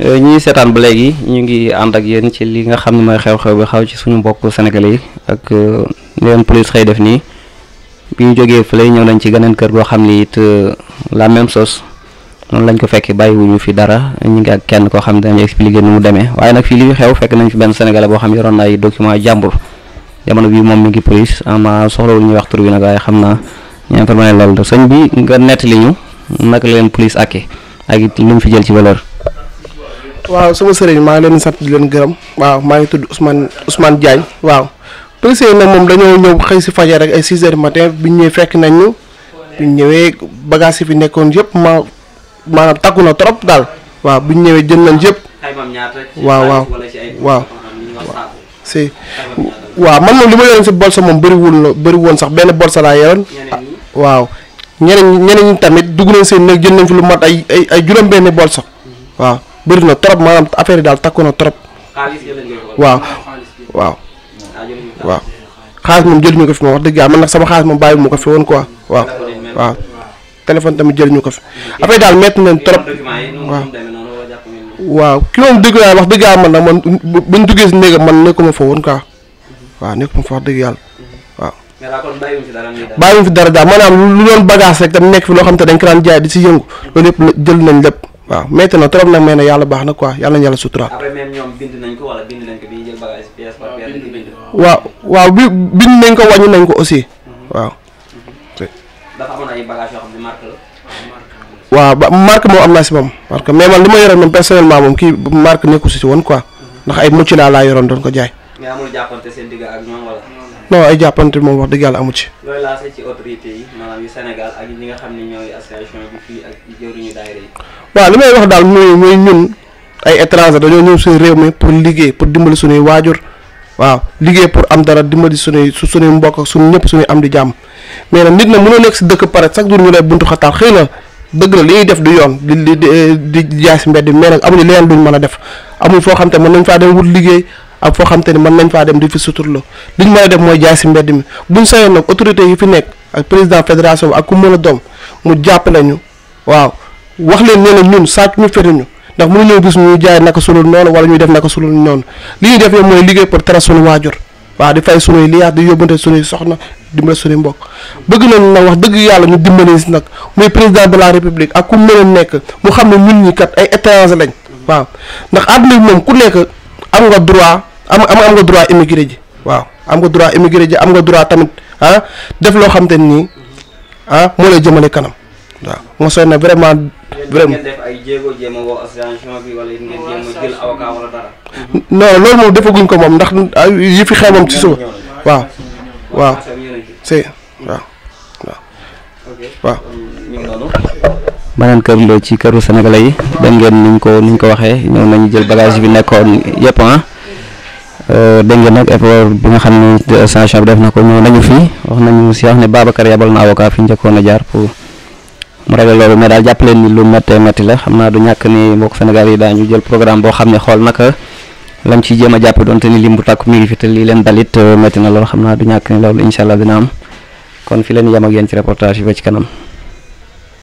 Euh, ñii seetaan ba léegi ñu ngi ànd ak yéen ci li nga xam ne mooy xew-xew bi xaw ci suñu mbokk sénégalais yi ak euh, leen police xëy def nii bi ñu jógee fële ñëw nañ ci geneen kër goo xam ni it euh, la même chose noonu lañ ko fekk bàyyiwuñu fi dara ñu ngi ak kenn koo xam ne dañu expliqué ni mu demee waaye nag fii li xew fekk nañ fi benn sénégalais boo xam ne yoroon na ay document jàmbur jamono bii moom mi ngi police ama soxlawul ñuy wax tur bi nag waaye xam naa ñu informé loolu de sëñ bi nga nettali ñu naka leen police ak it lu fi jël ci valeur. waaw suma sëriñ maa ngi leen sant di leen gërëm waaw maa ngi tudd Ousmane Ousmane jaañ waaw policier nag moom dañoo ñëw xëy si fajar rek ay 6 heures matin bi ñu ñëwee fekk nañ ñu bi ñëwee bagages yi fi nekkoon yëpp ma maanaam takku na trop daal waaw bi ñëwee jën lañ yëpp waaw waaw waaw si waaw man moom li ma yoroon si bolsa moom bariwul la bëri woon sax benn bolsa laa yeneen waaw ñeneen ñeneen ñi tamit dugg nañ seen néeg jël nañ fi lu mat ay ay ay juróom-benn bolsa bëri na trop maanaam affaire daal takku na trop. waaw waaw. waaw xaalis moom jël ñu ko fi moom dëgg yàlla man sama xaalis moom bàyyi mu ko woon quoi waaw tamit jël ko fi affaire daal métti nañ dëgg yàlla wax dëgg yàlla man nag man buñ duggee si néegam man nekkuma fa woon quoi waaw nekkuma dëgg yàlla waaw bàyyiwuñ fi dara daal lu doon bagage rek tam nekk fi loo xam te dañ ko daan jaay di si yëngu loolu yëpp jël nañ lépp waaw métti na trop nag mais ne yàlla baax na ko yàlla na yàlla suturaat. après même ñoom bind nañ ko ko bi ñu jël bagage waaw waaw bi bind nañ ko wàññi nañ ko aussi mhm. waaw. Mhm. dafa amoon ay bagages yoo xam ne marque la. waaw ba marque moom am ma yoroon moom personnellement moom kii marque nekku si woon quoi mhm. ndax ay mucc laa laa yoroon doon ko jaay. mais non ay jàppante moom wax dëgg yàlla amu ci. looy lancé nga xam ne ñooy association bi fii li may wax daal mooy mooy ñun ay étranger dañoo ñëw suñu réew mi pour liggéey pour dimbali suñuy waajur waaw liggéey pour am dara dimbali suñuy su suñuy mbokk ak suñu ñëpp suñuy am di jàmm mais nag nit na mënoo nekk si dëkk pare chaque jour ñu lay buntu xataal xëy na dëgg la def di yoon di di di jaay si mbedd mais nag amuñu leneen duñ mën a def amul foo xam te mën nañ faa dem wut liggéey ak foo xam te mën nañ faa dem di fi suturloo li ñu mën a def mooy jaay si mbedd mi buñ sayoon nag autorité yi fi nekk ak président fédération bi ak ku mën a doom mu jàppale ñu waaw wax leen nee na ñun sàcc ñu fete ñu ndax mënuñoo gis ñu jaay naka sulul noonu wala ñuy def naka sulul noonu li ñuy def yow mooy liggéey pour tara suñu waajur waaw di fay sunuy liyaas di yóbbante sunuy soxna dimbale sunuy mbokk bëgg nañ nag wax dëgg yàlla ñu dimbale si nag muy président de la république ak ku mën nekk mu xam ne ñun ñi kat ay étranger lañ waaw ndax àdduna bi moom ku nekk am nga droit am am am nga droit immigré ji waaw am nga droit immigré ji am nga droit tamit ah def loo xam te nii ah moo lay jëmale kanam waaw mosoon na ne vraiment def ay jéego jéem a loolu moom defaguñ ko moom ndax yi fi xew moom ci suba waaw. waaw si waaw waaw. maanaam Kër Ndoye ci këru sénégalais yi dem ngeen ni ko ni ñu ko waxee ñëw nañu jël bagage bi nekkoon yëpp ah. Euh, dégg ngeen nag effort bi nga xam ne station bi def na ko ñëw nañu fii wax nañu si wax ne Babacar yabal na avocat fi njëkkoon a jaar pour mu réglé loolu mais daal jàpp leen lu méttee métti la xam naa du ñàkk ni mbokk Sénégal yi daañu jël programme boo xam ne xool naka lam ci jéem a jàpp doonte ni lim bu tàkku mi ngi fi te lii leen dalit euh, métti na loolu xam naa du ñàkk ni loolu incha allah dina am kon fi leen yem ak yéen ci reportage yi ba ci kanam.